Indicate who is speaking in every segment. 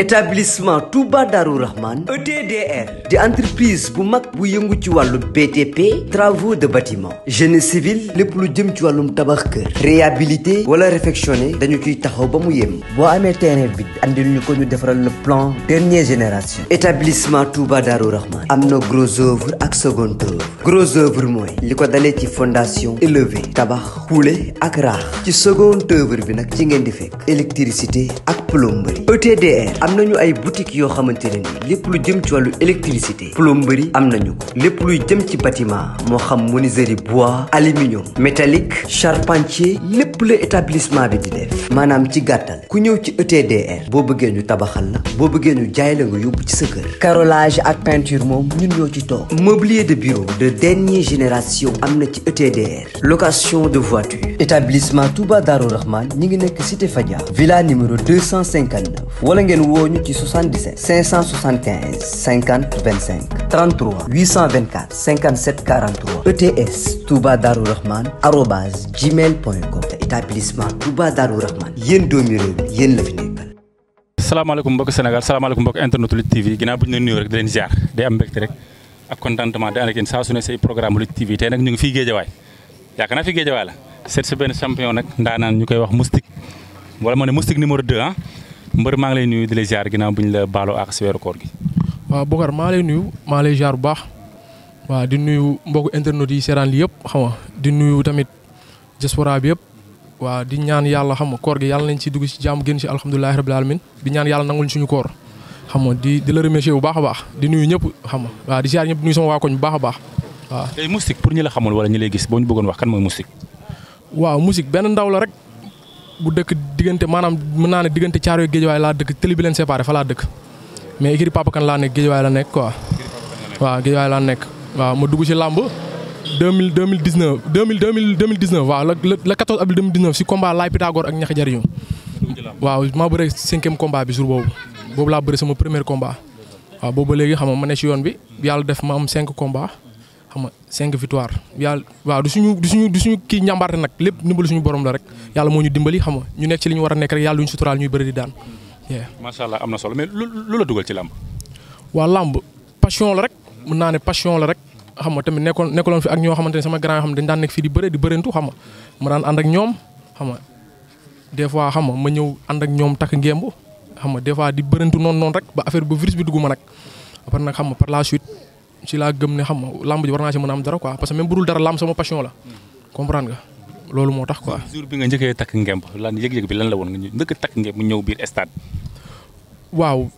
Speaker 1: établissement Touba Darou Rahman ETDR di entreprise bu mag bu yëngu ci wàllu BTP travaux de bâtiment génie civil lépp lu jëm ci wàllum tabax kër réhabilité wala réfectionné dañu ciy taxaw ba mu yem. boo amee terrain bi andil ñu ko ñu defaral le plan dernière génération établissement Touba Darou Rahman am na gros œuvre ak second œuvre gros œuvre mooy li ko dalee ci fondation élevée tabax xuule ak raax ci second œuvre bi nag ci ngeen di fekk électricité ak plomberie e am nañu ay boutique yoo xamante ne ni lépp lu jëm ci wàllu électricité plomberie am nañu ko lépp luy jëm ci bâtiment moo xam menuiserie bois aluminium métallique charpentier lépp la établissement bi di def maanaam ci gàttal ku ñëw ci ETDR boo bëggee ñu tabaxal la boo bëggee nu jaay la nga yóbbu ci sa kër carrelage ak peinture moom ñun ñoo ci toog mobilier de bureau de dernière génération am na ci ETDR location de voiture établissement Touba Darou Rahman ñi ngi nekk cité Fadia villa numéro 259 wala ngeen woo ñu ci 77 575 50 25 33 824 57 43 ETS Touba Darou Rahman arobase gmail point com te établissement Touba Darou Rahman yéen doomi réew mi yéen la fi nekkal.
Speaker 2: salaamaaleykum mbokk Sénégal salaamaaleykum mbokk internet Lutte TV ginnaaw bu ñu leen nuyoo rek di leen ziar day am mbégte rek ak contentement di ànd ak yéen saa su ne say programme Lutte TV tey nag ñu ngi fii Géejawaay yaakaar naa fi Géejawaay la seet si benn champion nag ndaanaan ñu koy wax moustique wala ma ne moustique numéro 2 ah. mbër maa ngi lay nuyu di la ziar ginnaaw bu ñu la baaloo ak si weeru gi.
Speaker 3: waaw Bokar maa lay nuyu maa lay ziar bu baax waa di nuyu mbokku internet yi seeraan li yëpp xam nga di nuyu tamit diaspora bi yëpp. waaw di ñaan yàlla xam nga koor gi yàlla nañ ci dugg ci jàmm génn ci alhamdulilah rabbil alamin di ñaan yàlla nangul suñu koor xam nga di di la remercier bu baax a baax di nuyu ñëpp xam nga waaw di ziar ñëpp di nuyu sama waa koñ bu baax a baax
Speaker 2: waaw. tey musique pour ñu la xamul wala ñu lay gis boo ñu bëggoon wax kan mooy musique.
Speaker 3: waaw musique benn ndaw la rek bu dëkk diggante maanaam mën naa ne diggante Caaroy Géejawaay laa dëkk tëli bi leen séparé fa laa dëkk mais écurie Papa laa nekk Géejawaay la nekk quoi. waaw Géejawaay laa nekk waaw dix neuf waaw la la quatorze avril deux mille dix neuf si combat Laay Pythagore ak ñax jariñu waaw maa bëre cinquième combat bi jour boobu boobu laa bëre sama premier combat waaw boobu léegi xam ma ne ci yoon bi yàlla def ma am cinq combat xam nga cinq victoire yàlla waaw du suñu du suñu du suñu kii njàmbaarte nag lépp ndimbalu suñu borom la rek yàlla moo ñu dimbali xam nga ñu nekk ci li ñu war a nekk rek yàlla duñu suturaal ñuy bëri di daan.
Speaker 2: macha allah am na solo mais lu la dugal ci làmb.
Speaker 3: waa làmb passion la rek mën naa ne passion la rek xam nga tamit nekkoon nekkaloon fi ak ñoo xamante ne sama grand yoo xam ne dañ daan nekk fii di bëre di bërentu xam ma daan ànd ak ñoom xam nga des fois xam nga ma ñëw ànd ak ñoom takk ngemb xam nga des fois di bërentu noonu noonu rek ba affaire bi dugg ma nag après nag xam nga par la suite ci laa gëm ne xam lamb ji war naa ci mën a am dara quoi parce que même bu dul dara lamb sama passion la comprendre nga loolu moo tax quoi.
Speaker 2: jour bi nga njëkkee takk ngemb lan yëg la woon nga njëkk takk ngemb mu ñëw biir stade.
Speaker 3: waaw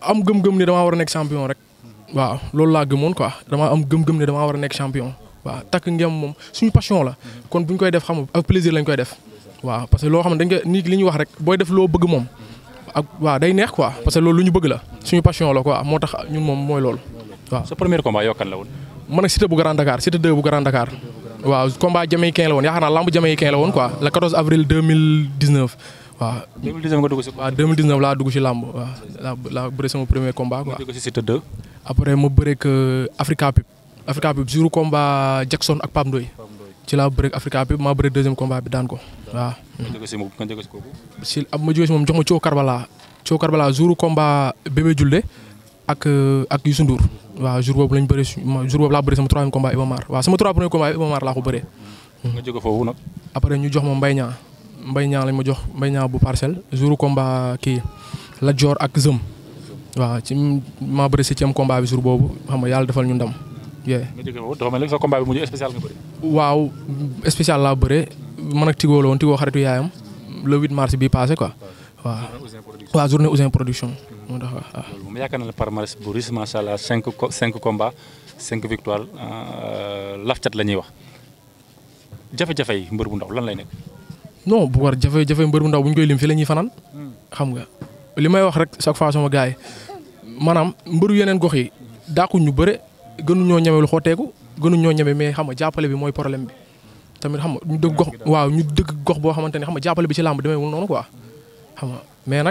Speaker 3: am gëm-gëm ne damaa war a rek waaw loolu laa gëmoon quoi damaa am gëm-gëm ne damaa war a nekk waaw takk ngemb moom suñu passion la kon bu ñu def xam ak plaisir lañ koy def waaw parce que loo xam ne dañ nit li ñuy wax rek booy def loo moom ak waaw day neex quoi parce que loolu lu ñu bëgg la suñu passion la quoi moo tax ñun moom mooy loolu. waaw sa premier
Speaker 2: combat yokkan la woon.
Speaker 3: man ak Cité bu Grand Dakar Cité 2 bu Grand Dakar. waaw combat jamaïcain la woon yaakaar naa lamb jamaïcain la woon quoi le 14 avril 2019. waaw 2019 nga laa dugg si lamb laa laa sama premier combat quoi. nga dugg après ma bëre ak euh, Africa Pub. Africa Pub jour combat Jackson ak Pape Ndoye. ci laa bëre ak Africa Pub maa bëre deuxième combat bi daan ko waaw.
Speaker 2: nga jóge si moom nga jóge
Speaker 3: si ma jóge si moom jox ma Thio Karbala. Thio Karbala jour ak euh, ak Youssou Ndour waaw jour boobu lañ bëri jour boobu laa bëri sama troisième combat Iba waaw sama trois premier laa ko bëree. après ñu jox ma Mbaye Niang Mbaye Niang lañ ma jox Mbaye Niang bu parcelle jour combat kii la Dior ak Zëm waaw ci maa bëri septième combat bi jour boobu xam nga yàlla defal ñu ndam.
Speaker 2: nga jóge foofu dafa mel ni sa combat bi mujj spécial nga bëri.
Speaker 3: waaw spécial laa bëree man ak Tigo la woon Tigo xaritu yaayam le 8 mars bii passé quoi waaw. waaw journée Ousin production. Mm-hmm. moo tax waaw ah. waaw. loolu
Speaker 2: moom yaakaar naa ne palmarès bu riche allah cinq co cinq victoire euh, lafcat la ñuy wax jafe-jafe yi mbër bu ndaw lan lay nekk.
Speaker 3: non bu war jafe-jafe mbër bu ndaw bu ñu koy lim fi la ñuy fanaan. Hmm. xam nga li may wax rek chaque fois sama gars yi maanaam mbëru yeneen gox yi dàqu ñu gënu ñoo ñeme lu xotteeku ñoo ñeme mais xam nga jàppale bi mooy problème bi. tamit xam nga ñu dëgg gox waaw ñu dëgg gox boo xamante ne xam ma jàppale bi ci làmb demeewul noonu quoi xam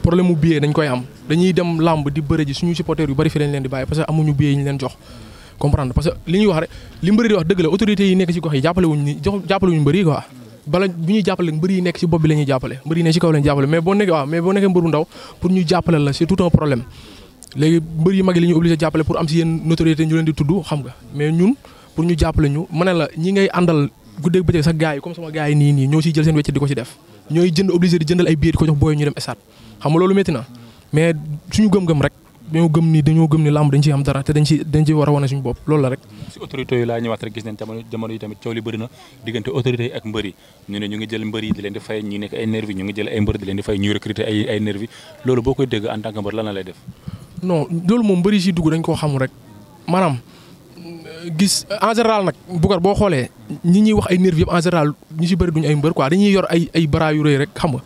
Speaker 3: problème mu billet dañ koy am dañuy dem làmb di bëre ji suñu supporters yu bari fi lañ leen di bàyyi parce que amuñu billet yi ñu leen jox comprendre parce que li ñuy wax rek li mbëri di wax dëgg la autorités yi nekk ci gox yi jàppale wuñ ni jox jàppale wuñ mbëri yi nekk ci kaw la jàppale mais boo nekkee waaw mais boo nekkee mbëru ndaw pour ñu jàppale la c'est tout problème léegi mbër yi mag yi la ñuy obligé jàppale pour am si yenn notoriété ñu leen di tudd xam nga loolu métti na mais suñu gëm-gëm rek dañoo gëm ni dañoo gëm ni lam dañ ci am dara te dañ ci dañ ci war a wane suñu bopp loolu la rek.
Speaker 2: si autorité yi laa ñëwaat rek gis nañ jamono jamono yi tamit coow li bëri na diggante autorité yi ak mbër ñu ne ñu ngi jël mbër yi di leen di fay ñu nekk ay nervi ñu ngi jël ay mbër di leen di fay ñuy recruter ay ay loolu boo koy dégg en tant que mbër lan lay def.
Speaker 3: non loolu moom mbër yi si dugg dañ koo xamul rek manaam gis en général nag Boucar boo xoolee ñi ñuy wax ay nervi yëpp en général ñu si bëri duñu ay mbër quoi dañuy yor ay ay bras yu rëy rek xam nga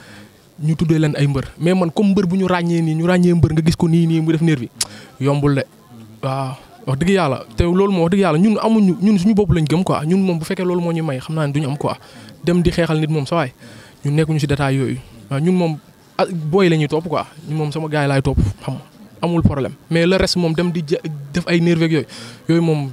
Speaker 3: ñu tuddee leen ay mbër mais man comme mbër bu ñu ràññee nii ñu ràññee mbër nga gis ko nii nii mu def nerf bi yombul de waaw wax dëgg yàlla te loolu moom wax dëgg yàlla ñun amuñu ñun suñu bopp lañ gëm quoi ñun moom bu fekkee loolu moo ñu may xam naa ne duñu am quoi dem di xeexal nit moom sa ay ñu nekkuñu si détail yooyu waaw ñun moom a ah, booy la ñuy topp quoi ñun moom sama gars yi laay topp xam amul problème mais la reste moom dem di def ay nerf ak yooyu yooyu moom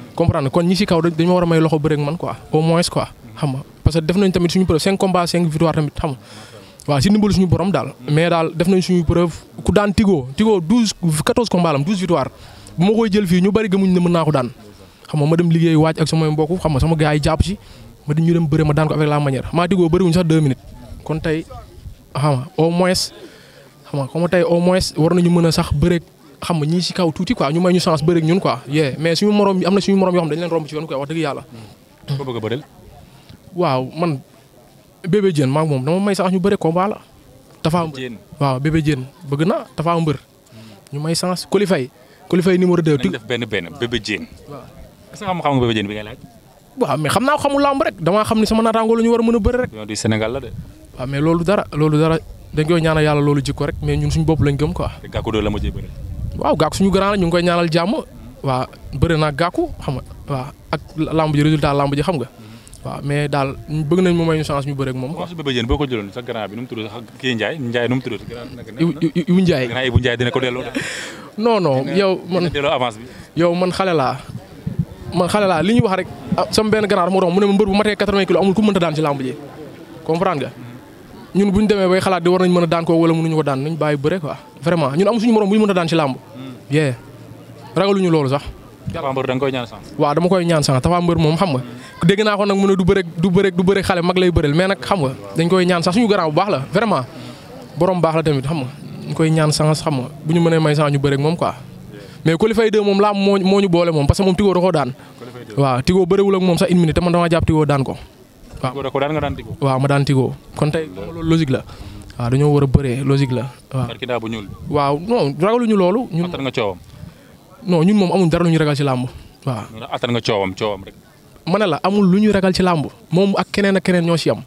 Speaker 3: comprendre kon ñi si kaw dañ ma war a may loxo bëreeg man quoi au moins quoi xam nga parce que def nañ tamit suñu preuve cinq combats cinq victoire tamit xam nga si ndimbalu suñu borom daal mais daal def nañ suñu preuve ku daan Tigo Tigo douze quatorze combats lam douze victoire bu ma koy jël fii ñu bëri gëmuñ ne mën naa ko daan xam nga ma dem liggéey waaj ak samay mbokk xam nga sama gars yi jàpp si ma di ñu dem bëre ma daan ko avec la manière maa Tigo bëriwuñ xam nga au moins xam nga comme tey au moins war nañu mën a sax bëreeg xam nga ñii si kaw tuuti quoi ñu may ñu chance bëri ak ñun quoi yee mais suñu morom am yoo xam dañ ko
Speaker 2: hmm.
Speaker 3: waaw man bébé maa moom dama may sax ñu bëre combat la. Tafa Mbër waaw bébé bëgg na Tafa Mbër. ñu may chance qualifié qualifié numéro 2. nañ
Speaker 2: def benn benn bébé Diène. waaw est-ce que xam-xam nga bébé Diène bi
Speaker 3: xamul làmb rek damaa xam ni sama naataangoo la ñu war a mën a bëri rek.
Speaker 2: yow di Sénégal la de.
Speaker 3: waaw mais loolu dara loolu dara dañ koy yàlla loolu jikko rek mais ñun suñ bopp lañ gëm quoi. te gàkku waaw gàkku suñu grand la ñu ngi koy ñaanal jàmm waa bëri naa gàkku xam nga waaw ak lamb ji résultat lamb ji xam nga waaw mais daal bëgg nañ mu may ñu chance ñu bëre ak moom.
Speaker 2: su bébé jën boo ko jëloon sa grand bi nu mu tudd sax kii Ndiaye Ndiaye nu mu tudd. Ibu Ndiaye grand Ibu Ndiaye dina ko delloo.
Speaker 3: non non yow man delloo avance bi. yow man xale laa man xale laa li ñu wax rek ah, sama benn grand moo doon mu ne ma mbër bu matee 80 kilos amul ku mënta daan ci lamb ji comprendre nga ñun bu ñu demee bay xalaat di war nañ mën a daan ko wala mënuñu ko daan nañ bàyyi bëre quoi vraiment ñun am suñu morom bu ñu mën a daan ci làmb. Hmm. yee ragaluñu loolu sax.
Speaker 2: Tapha Mbeur da nga koy dama
Speaker 3: koy ñaan sens Tapha Mbeur moom xam nga. Hmm. dégg naa ko nag mu ne du bëre du bëre du bëre xale mag lay bëreel mais nag xam nga dañ koy ñaan sax suñu garaaw bu baax la vraiment hmm. borom baax la tamit xam nga ñu koy ñaan sens xam nga bu ñu mënee may sens ñu bëre ak moom quoi. mais Colifay 2 moom làmb moo moo ñu boole moom parce que moom Tigo da koo daan. waaw Tigo bëriwul moom sax une minute te man damaa jàpp daan ko
Speaker 2: waaw
Speaker 3: ma daan tigoo kon tey loolu logique la waaw dañoo war a bëree logique la
Speaker 2: waaw. Tarkindaa bu ñuul.
Speaker 3: waaw non ragaluñu
Speaker 2: loolu. ñun attan nga coowam.
Speaker 3: non ñun moom amuñ dara lu ñu ragal ci làmb ma la lu ñuy ragal ci làmb moom ak keneen ak keneen ñoo ci am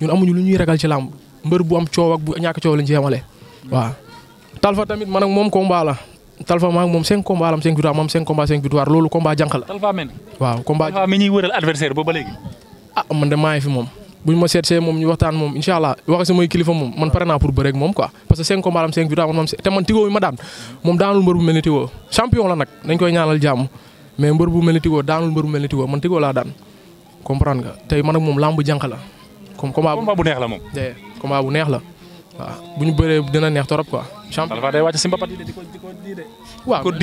Speaker 3: ñun amuñu lu ñuy ragal ci làmb mbër bu am coow ak bu ñàkk coow lañ ci yemale. waaw Talfa tamit man ak moom combat la moom cinq combat la am loolu combat jànq waaw combat. Talfa
Speaker 2: wëral adversaire ba ba
Speaker 3: ah man de maa ngi fi moom buñ ma seetsee moom ñu waxtaan moom incha allah waxe samay kilifa moom man pare naa pour bëre moom quoi parce que cinq combats am cinq moom la nag dañ koy ñaanal jàmm mais mbër bu mel ni Tigo daanul mbër laa daan comprendre la comme bu neex la moom bu ñu bëree dina neex torop quoi
Speaker 2: champion day wàcc si mbapat yi de waaw kon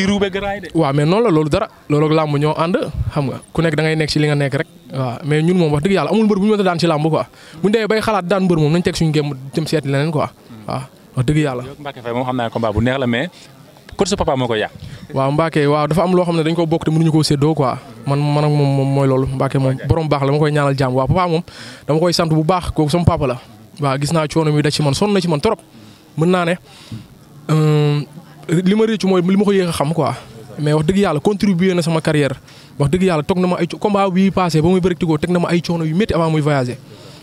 Speaker 3: noonu la loolu dara loolu ak làmb ñoo ànd xam nga ku nekk da ngay nekk ci li nga nekk rek waaw mais ñun moom wax dëgg yàlla amul mbër bu ñu mën a daan ci làmb quoi bu ñu demee bay xalaat daan mbër moom
Speaker 2: yàlla. Mbacké Faye moom naa combat bu neex la mais kon sa papa moo koy yàq.
Speaker 3: waaw Mbacké loo xam ne dañ ko bokk te mënuñu koo séddoo moom moom mooy loolu Mbacké moom borom baax la ma koy ñaanal jàmm waaw papa moom dama koy sant bu baax kooku sama papa la waaw gis naa coono mi da ci man sonn ci man trop mën naa ne euh, li ma réccu mooy li ma ko yéex a xam quoi mais wax dëgg yàlla contribuer na sama carrière wax dëgg yàlla toog na ma ay combat bii passé ba muy bëri Tigo teg na ma ay coono yu métti avant muy voyager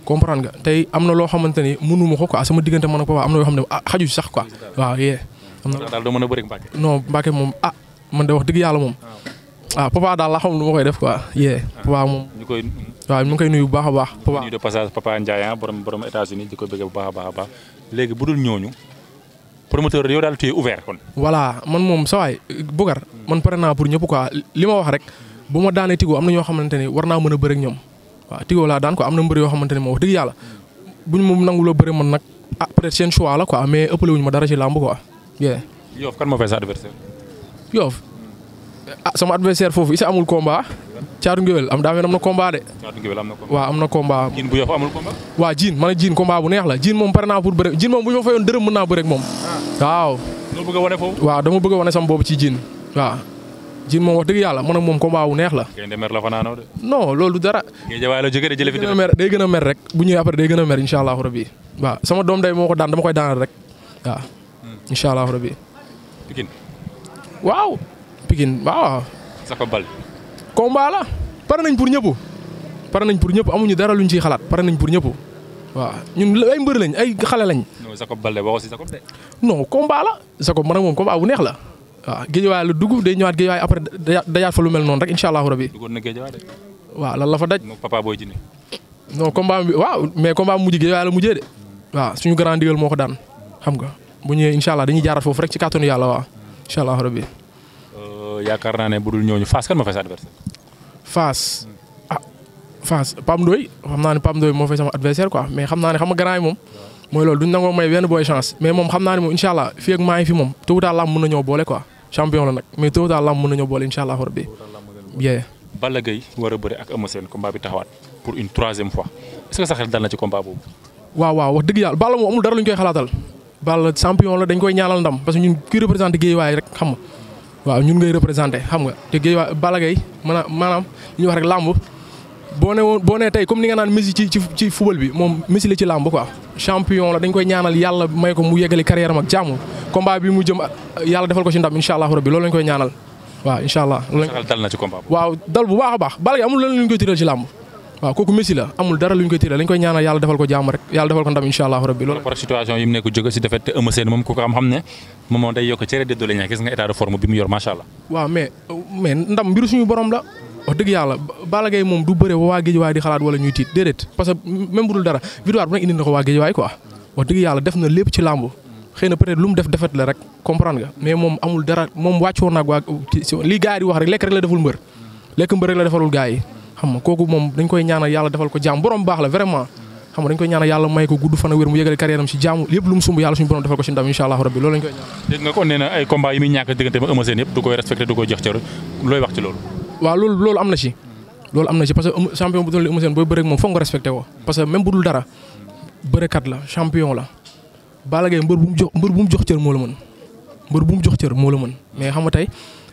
Speaker 3: comprendre nga tey am na loo xamante ni mënu ma ko quoi sama diggante man ak papa am na yoo xam ne ah xaju si sax quoi waaw yee am
Speaker 2: na daal doo mën a bëri Mbacke
Speaker 3: non Mbacke moom ah man wax dëgg yàlla moom ah, ah papa daal laa xam lu ma koy def quoi yee ah. papa moom ñu koy waaw ñu ngi koy nuyu bu baax a baax
Speaker 2: papa ñu de passage papa Ndiaye ah, borom borom États-Unis di a baax a baax léegi bu dul ñooñu promoteur yow daal tu es ouvert kon.
Speaker 3: man moom sa waay man pare naa pour ñëpp quoi li wax rek bu ma daanee Tigo am na ñoo xamante ne war naa mën a bëre ñoom waaw Tigo ko am na mbër yoo xamante ne moom wax dëgg yàlla buñ moom nanguloo man nag ah peut la quoi mais ëppale wuñu ma dara ci làmb quoi.
Speaker 2: Yoff kan moo fay sa adversaire.
Speaker 3: Yoff ah sama adversaire foofu isa amul combat. Caatu Ngéwél am daa mel am na combat de. Caatu Ngéwél am na combat waaw am na combat. Diin bu Yoff amul combat. waaw Diin man a Diin combat bu neex la Diin moom pare naa pour bëre Diin moom bu ñu ma fayoon dërëm mën naa bëre ak moom. Ah. waaw. noo bëgg a wane dama bëgg a wane sama boobu ci Diin waaw. Diin moom wax dëgg yàlla man ak moom combat bu neex la.
Speaker 2: Gaynde mer la fanaanoo de.
Speaker 3: non loolu dara. Géeja waay day gën a mer rek bu ñëwee après day gën a mer incha allahu rabi waaw sama waaw hmm. combat la pare nañ pour ñëpp pare nañ pour ñëpp amuñu dara luñ ci xalaat pare nañ pour ñëpp waaw ñun ay mbër lañ ay xale lañ.
Speaker 2: non Jacob Baldé waxoo si Jacob de.
Speaker 3: non combat la Jacob man ak neex la waaw géejewaay la dugg day ñëwaat géejewaay après dajaat fa mel noonu rek incha allahu rabi. duggoon na géejewaay de. la fa
Speaker 2: daj. moom papa booy ji
Speaker 3: non combat waaw mais combat mujj géejewaay la mujjee de. waaw suñu grand digal moo ko daan xam nga bu ñëwee incha dañuy jaarat foofu rek ci kàttanu yàlla waaw incha allahu rabi.
Speaker 2: yaakaar naa ne budul ñooñu Fass kan ma fay sa adversaire.
Speaker 3: Fass ah Fass Pam Ndoye xam naa ne Pam Ndoye moo fay sama adversaire quoi mais xam naa ne moom. mooy loolu duñ nangoo may benn booy chance mais moom xam naa ne moom incha allah fii ak maa fi moom tôt ou tard na ñoo boole quoi champion la nag mais tôt ou tard na ñoo boole incha allah rabbi.
Speaker 2: bien. Balla war a bëri ak Eumeu Sène combat bi taxawaat pour une troisième fois est-ce que xel dal
Speaker 3: waaw ñun ngay représenté xam nga te Guédiawaye Balla Gaye maanaam li ñuy wax rek làmb boo ne woon boo nee tey comme ni nga naan Messi ci ci ci football bi moom Messi la ci làmb quoi. champion la dañ koy ñaanal yàlla may ko mu yeggali carrière am ak jàmm combat bi mu jëm yàlla defal ko ci ndam incha allah rabbi loolu lañ koy ñaanal waaw incha allah.
Speaker 2: loolu dal na ci combat
Speaker 3: waaw dal bu baax a baax Balla Gaye amul leneen lu koy tëral ci làmb. waaw kooku Messi la amul dara lu ñu koy ko jàmm rek yàlla defal ko ndam mais mais ndam mbiru suñu borom la wax dëgg yàlla Balla Gaye moom du bëre waa géej waaye di xalaat wala ñuy tiit déedéet parce que même bu dul dara victoire bu nekk indi na ko waa géej waaye quoi wax dëgg yàlla def na lépp ci làmb xëy na peut-être lu mu def defet la rek comprendre nga mais moom amul dara moom wàccoon naag waa li gars yi di wax lekk rek la deful mbër lekk mbër rek la defalul gars yi xam nga kooku moom dañ koy ñaanal yàlla defal ko jàmm borom baax la vraiment xam nga koy ñaanal yàlla may ko gudd fan a wér mu yëgale carrière am si jàmm lu mu sumb yàlla suñu borom defal ko si ndam incha allah rabbi loolu lañ koy ñaanal.
Speaker 2: dégg nga kon nee na ay combat yi muy ñàkk ci loolu.
Speaker 3: waaw loolu loolu am na si loolu am na si parce que champion bu doon la Eumeu Sène booy bëre moom foog nga respecté ko parce que même bu la champion la Balla Gaye mu jox mbër bu mu jox la mën mbër bu mu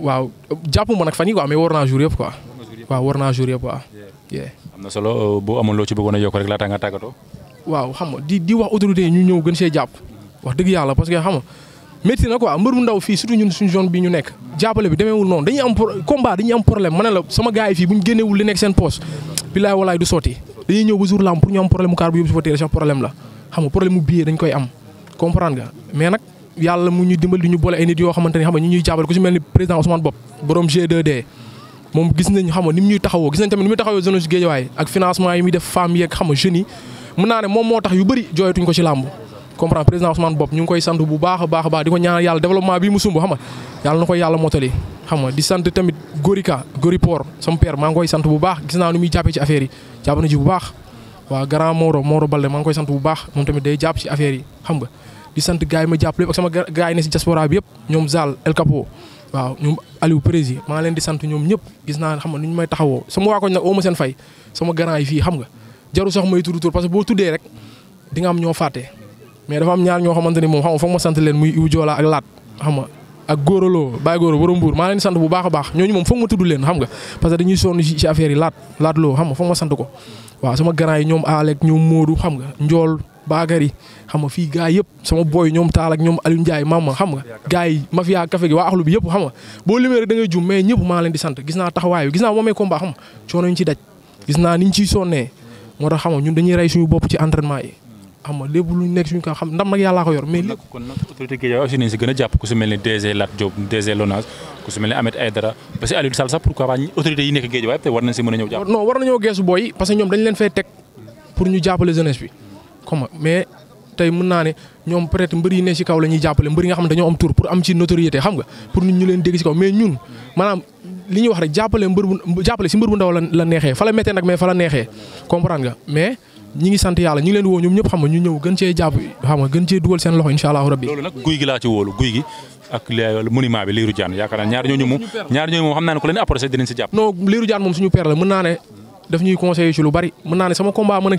Speaker 3: waaw jàppuma nag fan yi quoi mais war naa jour yëpp quoi. waaw war naa jour yëpp waaw.
Speaker 2: am na euh, ci bëggoon a yokk rek laata nga tàggatoo.
Speaker 3: waaw xam nga di di wax autorité yi ñëw gën see jàpp. wax dëgg yàlla parce que xam nga na quoi am combat dañuy mais nag yàlla mu ñu dimbal di ñu boole ay nit yoo xamante ni xam ñu ñuy jàppale ku ci mel ni président Ousmane Bopp borom g de d moom gis nañ xam nga ni mu ñuy taxawoo gis nañ tamit ni muy taxawoo jeunesse ñu ngi koy sant bu baax a baax a baax di ko ñaanal yàlla développement bii mu sumb xam nga yàlla na koy yàlla motali xam nga di sant tamit Gorika Goripor sama père maa ngi koy sant bu baax gis naa ni muy jàppee ci affaire yi jàpp na ji bu baax waaw grand Moro Moro Balde maa ngi koy sant bu baax moom tamit day jàpp ci affaire yi xam nga di sant gars yi ma jàppale ak sama gars yi ñoom ñëpp gis naa xam nga nu ñu may taxawoo sama waa koñ nag oo ma seen fay sama grand yi fii ñoo fàtte mais dafa moom xam nga foog ma sant leen muy Ibu Joola ak Laat xam nga ak góoraloo Baye Góoro borom Mbuur maa a baax xam nga parce que loo xam nga foog ma sant ko waaw sama grand yi ñoom Alek ñoom Modou xam nga Njool baagari xam nga fii gars yëpp sama booy ñoom taal ak ñoom Aliou Ndiaye maam xam nga gars yi mafia café gi waa axlu bi yëpp xam nga boo limee rek jum mais ñëpp maa leen di sant gis naa taxawaay gis naa moomee combat xam nga ñu ci daj gis naa niñ ciy sonnee xam nga ñun nag yàllaa ko yor mais lépp kon nag
Speaker 2: autorité gi aussi a jàpp ku si mel ni DG Lat Diop DG Lonase ku si mel ni Ahmed Aïdara ba si Aliou Sall sax pourquoi pas autorité yi nekk géej waaye parce
Speaker 3: que ñoom dañ leen fay teg comme mais tey mën naa ne ñoom peut-être mbër yi ne ci kaw la jàppale mbër yi nga xam ne dañoo am tour pour am ci notoriété xam nga pour nit ñu leen dégg ci kaw mais ñun maanaam li ñuy wax rek jàppale mbër bu jàppale ci mbër bu ndaw la la neexee fa la méttee nag mais fa la neexee comprendre nga mais ñu ñëw gën ee jàpp xam nga gën cee dugal seen loxo incha allahu rabbi
Speaker 2: guy gi laa ci wóolu guy gi ak monument bi Lirou Diane yaakaar naa ñaar ñooñu moom ñaar ñooñu moom xam naa
Speaker 3: lu bari mën naa ne sama combat mën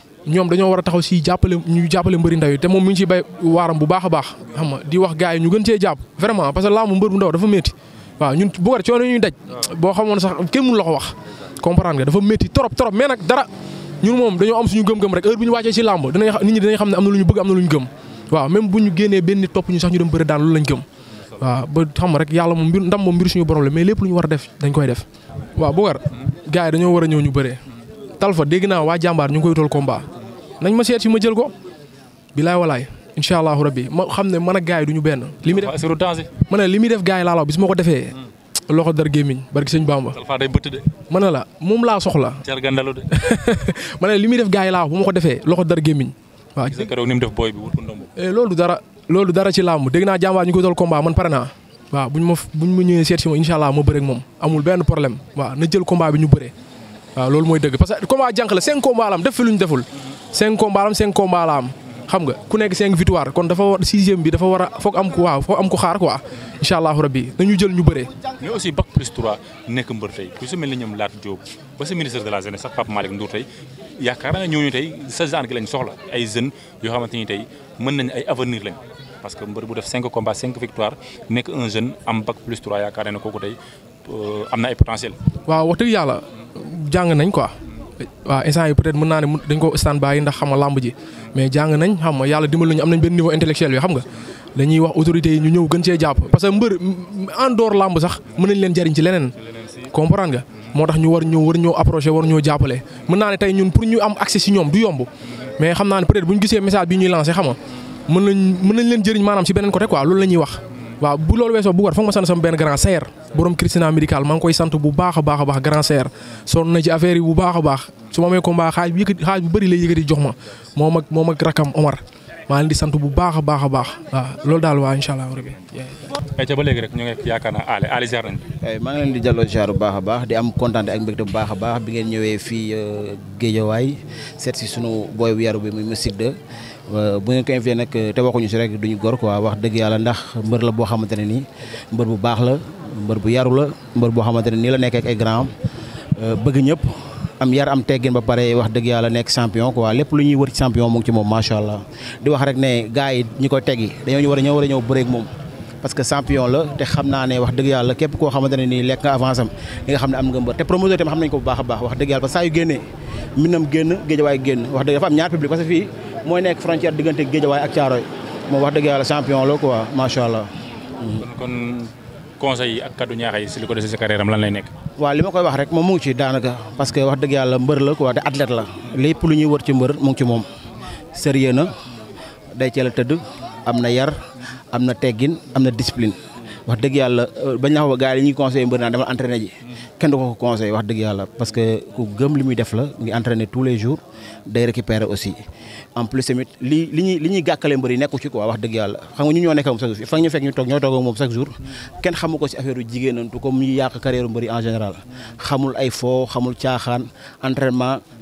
Speaker 3: ñoom dañoo war a taxaw si jàppale ñu jàppale mbëri ndaw yi te moom mi ngi ciy bay waaram bu baax a baax xam nga di wax gars yi ñu gën cee jàpp vraiment parce que laamu mbër bu ndaw dafa métti waaw ñun bu ko defee coono daj. boo xamoon sax kenn mënu la wax. comprendre nga dafa métti trop trop mais nag dara ñun moom dañoo am suñu gëm-gëm rek heure bu ñu wàccee si làmb dinañ nit ñi dinañ xam ne am na lu ñu bëgg am na lu ñu gëm waaw même bu ñu génnee benn topp ñu sax ñu war a dañ koy def war gars yi dañoo war Talfa dégg naa waa jàmbaar ñu ngi koy utal combat nañ ma seet si ma jël ko bilaay walaay incha allahu rabbi ma xam ne man ak gars yi du ñu benn. li muy def ma li muy def gars yi laa la bis ma ko defee. loxo dar gémmiñ barki sëñ Bamba. ma ne moom laa soxla. Thiel Gandalu de. ma ne li muy def gars yi laa bu ma ko defee loxo dar gémmiñ.
Speaker 2: waaw gis nga keroog ni mu def booy
Speaker 3: eh, loolu dara loolu dara ci làmb dégg naa jàmbaar ñu ngi koy utal combat man pare naa waaw buñ ma buñ ma ñëwee seet si ma incha ma bëre ak moom amul benn problème waaw na jël combat bi ñu bëre waaw loolu mooy dëgg parce que combat jànq la cinq combat la am def fi lu ñu deful cinq combat la am xam nga ku nekk cinq victoire kon dafa war sixième bi dafa war a foog am ko waaw ko xaar quoi incha allahu rabbi nañu jël ñu bëree.
Speaker 2: mais aussi bac plus 3 nekk mbër tey ku la jeunesse sax Pape Malick Ndour tey yaakaar naa ñooñu tey sa genre gi lañ soxla ay jeunes yoo xamante ni tey mën nañ ay avenir lañ parce que mbër bu def cinq combats cinq victoire nekk un jeune am bac plus 3 yaakaar naa ne am na ay potentiel.
Speaker 3: waaw wax dëgg yàlla jàng nañ quoi. waaw instant yi naa ne dañ ko stand by ndax xam nga làmb ji mais jàng nañ xam nga yàlla dimbali nañu am nañ benn niveau intellectuel yoo xam nga dañuy wax autorités yi ñu ñëw gën cee jàpp parce que mbër en dehors làmb sax mën nañ leen jariñ ci leneen comprendre nga moo tax ñu war ñoo war ñoo approché war ñoo jàppale mën naa ne tey ñun pour ñu am accès si ñoom du yomb mais xam naa ne peut-être bu ñu gisee message bi ñuy lancé xam nga mën nañ mën nañ leen jëriñ maanaam si beneen loolu la ñuy wax waaw bu loolu weesoo bu war foog ma sant sama benn grand serre borom Christina médical maa koy sant bu baax a baax a baax grand serre sonn na ci affaire yi bu baax a baax su ma amee combat xaaj bi yëkkati xaaj bu bëri jox ma moom ak moom ak rakam Omar maa leen sant bu baax a baax a baax waaw loolu daal waa incha allah rabbi.
Speaker 2: ba léegi rek ñu yaakaar naa Allé Allé ziar
Speaker 4: maa ngi leen di jàlloo ziar bu baax a baax di am kontaan ak mbégte bu baax a baax bi ngeen ñëwee fii euh, Géejawaay seet si sunu booy bu yaru bi muy Moustique 2 Euh, bu ngeen ko invité nag euh, te waxuñu si rek duñu gor quoi wax dëgg yàlla ndax mbër la boo xamante ne nii mbër bu baax la mbër bu yaru la mbër boo xamante ne nii la nekk ak ay euh, bëgg ñëpp am yar am teggin ba pare wax dëgg yàlla nekk champion quoi lépp lu ñuy wër ci champion mu moom macha allah di wax rek yi ñi koy teggi dañoo ñu war a ñëw war a ñëw bëreeg moom. parce que la te xam naa ne wax dëgg yàlla képp koo xamante ne nii lekk nga avance xam ne am nga mbër te promoteur tamit bu baax a baax wax dëgg yàlla parce que saa yu génnee minam génn géejawaay génn wax dëgg dafa am ñaar public parce que fii mooy nekk frontière diggante Guédiawaye ak Thiaroye moom wax dëgg yàlla champion la quoi macha allah.
Speaker 1: Mm-hmm.
Speaker 2: kon conseil yi ak kaddu ñaax yi si li ko dese si carrière am lan lay nekk.
Speaker 4: waa li ma koy wax rek moom mu ngi ci daanaka parce que wax dëgg yàlla mbër la quoi te athlète la lépp lu ñuy wër ci mbër mu ngi ci moom. sérieux na day teel a tëdd am na yar am na teggin am na disipline wax dëgg yàlla euh, bañ la wax yi ñuy conseillé mbër naa demal entraîné ji. kenn du ko conseil wax dëgg yàlla parce que ku gëm muy def la ngi entraîner tous les jours day récupérer aussi en plus tamit li li ñuy li ñuy gàkkale mbër yi nekku wax dëgg yàlla xam ñu ñoo nekk moom chaque jour fa ñu fekk ñu toog ñoo toog moom chaque jour kenn xamu ko ci affaire yu jigéenantu comme ñu yàq carrière mbër en général xamul ay foo xamul caaxaan entraînement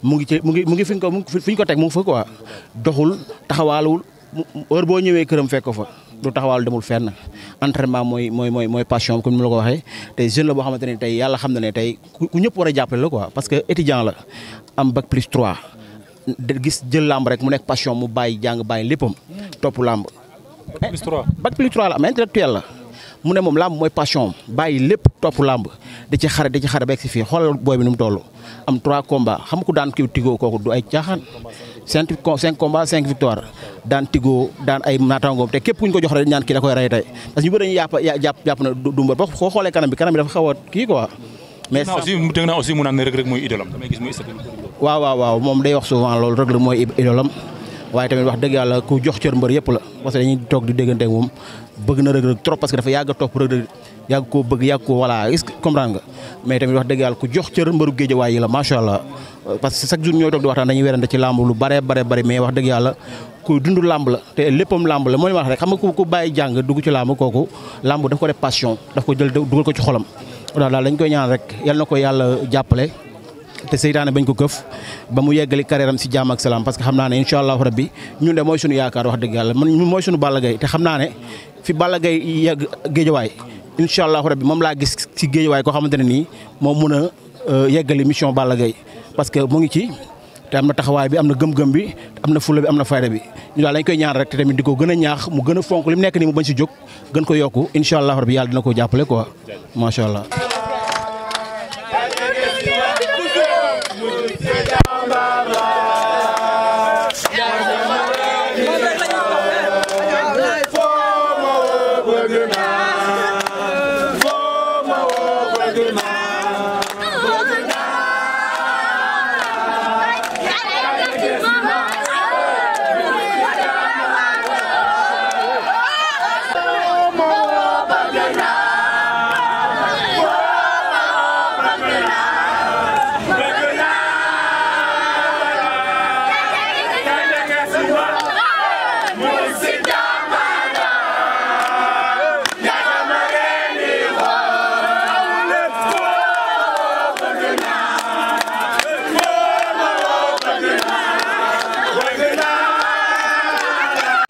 Speaker 4: mu ngi ci mu ngi mu ngi fi ñu ko fi ñu ko teg mu ngi fa quoi doxul taxawaaluwul heure boo ñëwee këram fekk ko fa lu taxawaalu demul fenn entraînement mooy mooy mooy mooy passion comme ni ma la ko waxee tey jeune la boo xamante ne tey yàlla xam na ne tey ku ñëpp war a jàppale la quoi parce que étudiant la am bac plus 3 gis jël làmb rek mu nekk passion mu bàyyi jàng bàyyi léppam topp làmb. bac plus 3 eh, bac plus 3 la am intellectuel la mu ne moom làmb mooy passion bàyyi lépp topp làmb da ci xare ba egg fii xoolal booy bi nu am 3 combats xam ku daan kii Tigo kooku du ay caaxaan. cinq combats cinq victoire daan Tigo daan ay naataangoom te képp ku ñu ko jox rek ñaan kii da koy rey tey parce que na du mbër ba koo xoolee kanam bi kanam bi dafa xaw a kii quoi.
Speaker 2: mais aussi dégg naa aussi mu naan
Speaker 4: yàlla ku jox cër mbër yëpp la na Reug Reug trop parce que dafa yàgg topp Reug yàgg koo bëgg yàgg ko voilà est-ce que comprendre nga mais tamit wax dëgg yàlla ku jox cër mbëru géejawaay yi la macha allah euh, parce chaque jour ñooy toog di waxtaan dañuy werante ci làmb lu bare bare bare mais wax dëgg yàlla ku dund làmb la te léppam làmb la mooy suñu yaakaar wax dëgg yàlla mooy suñu Balla Gaye te xam naa ne fi Balla Gaye géejawaay incha allahu bi moom laa gis ci géej waaye koo xamante ne nii moom mun a euh, yeggali mission Balla Gaye parce que mu ngi ci te am na taxawaay bi am na gëm-gëm bi am na fulla bi am na fayda bi ñu daal lañ koy ñaan rek te tamit di ko gën a ñaax mu gën a fonk li mu nekk nii mu bañ si jóg gën ko yokku incha allahu rabbi yàlla dina ko jàppale quoi macha allah.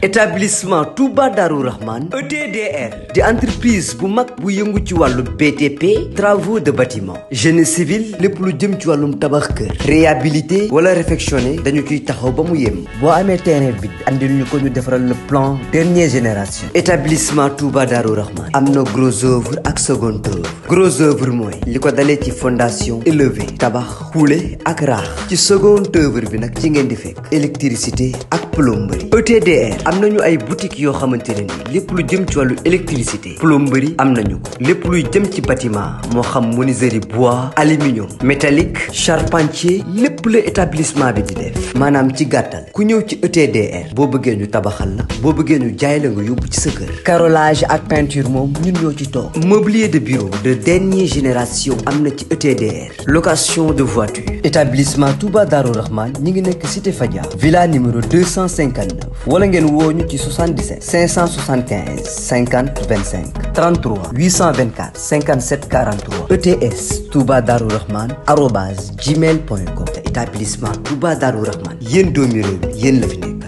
Speaker 1: établissement Touba Darou Rahman ETDR di entreprise bu mag bu yëngu ci wàllu BTP travaux de bâtiment génie civil lépp lu jëm ci wàllum tabax kër réhabilité wala réfectionné dañu ciy taxaw ba mu yem. boo amee terrain bi andil ñu ko ñu defaral le plan dernière génération établissement Touba Darou Rahman am na gros œuvre ak second œuvre gros œuvre mooy li ko dalee ci fondation élevée tabax xuule ak raax ci second œuvre bi nag ci ngeen di fekk électricité ak plomberie ETDR am nañu ay boutiques yoo xamante ne ni lépp lu jëm ci wàllu électricité plomberie am nañu ko lépp luy jëm ci bâtiment moo xam menuiserie bois aluminium métallique charpentier lépp la établissement bi di def maanaam ci gàttal ku ñëw ci ETDR boo bëggee ñu tabaxal la boo bëggee ñu jaay la nga yóbbu ci sa kër carrelage ak peinture moom ñun ñoo ci toog mobilier de bureau de dernière génération am na ci ETDR location de voiture établissement Touba Darou Rahman ñi ngi nekk cité Fadia 959 wala ngeen woo ñu ci 77 575 50 25 33 824 57 43 ETS Touba Darou Rahman arobase gmail point com te établissement Touba Darou Rahman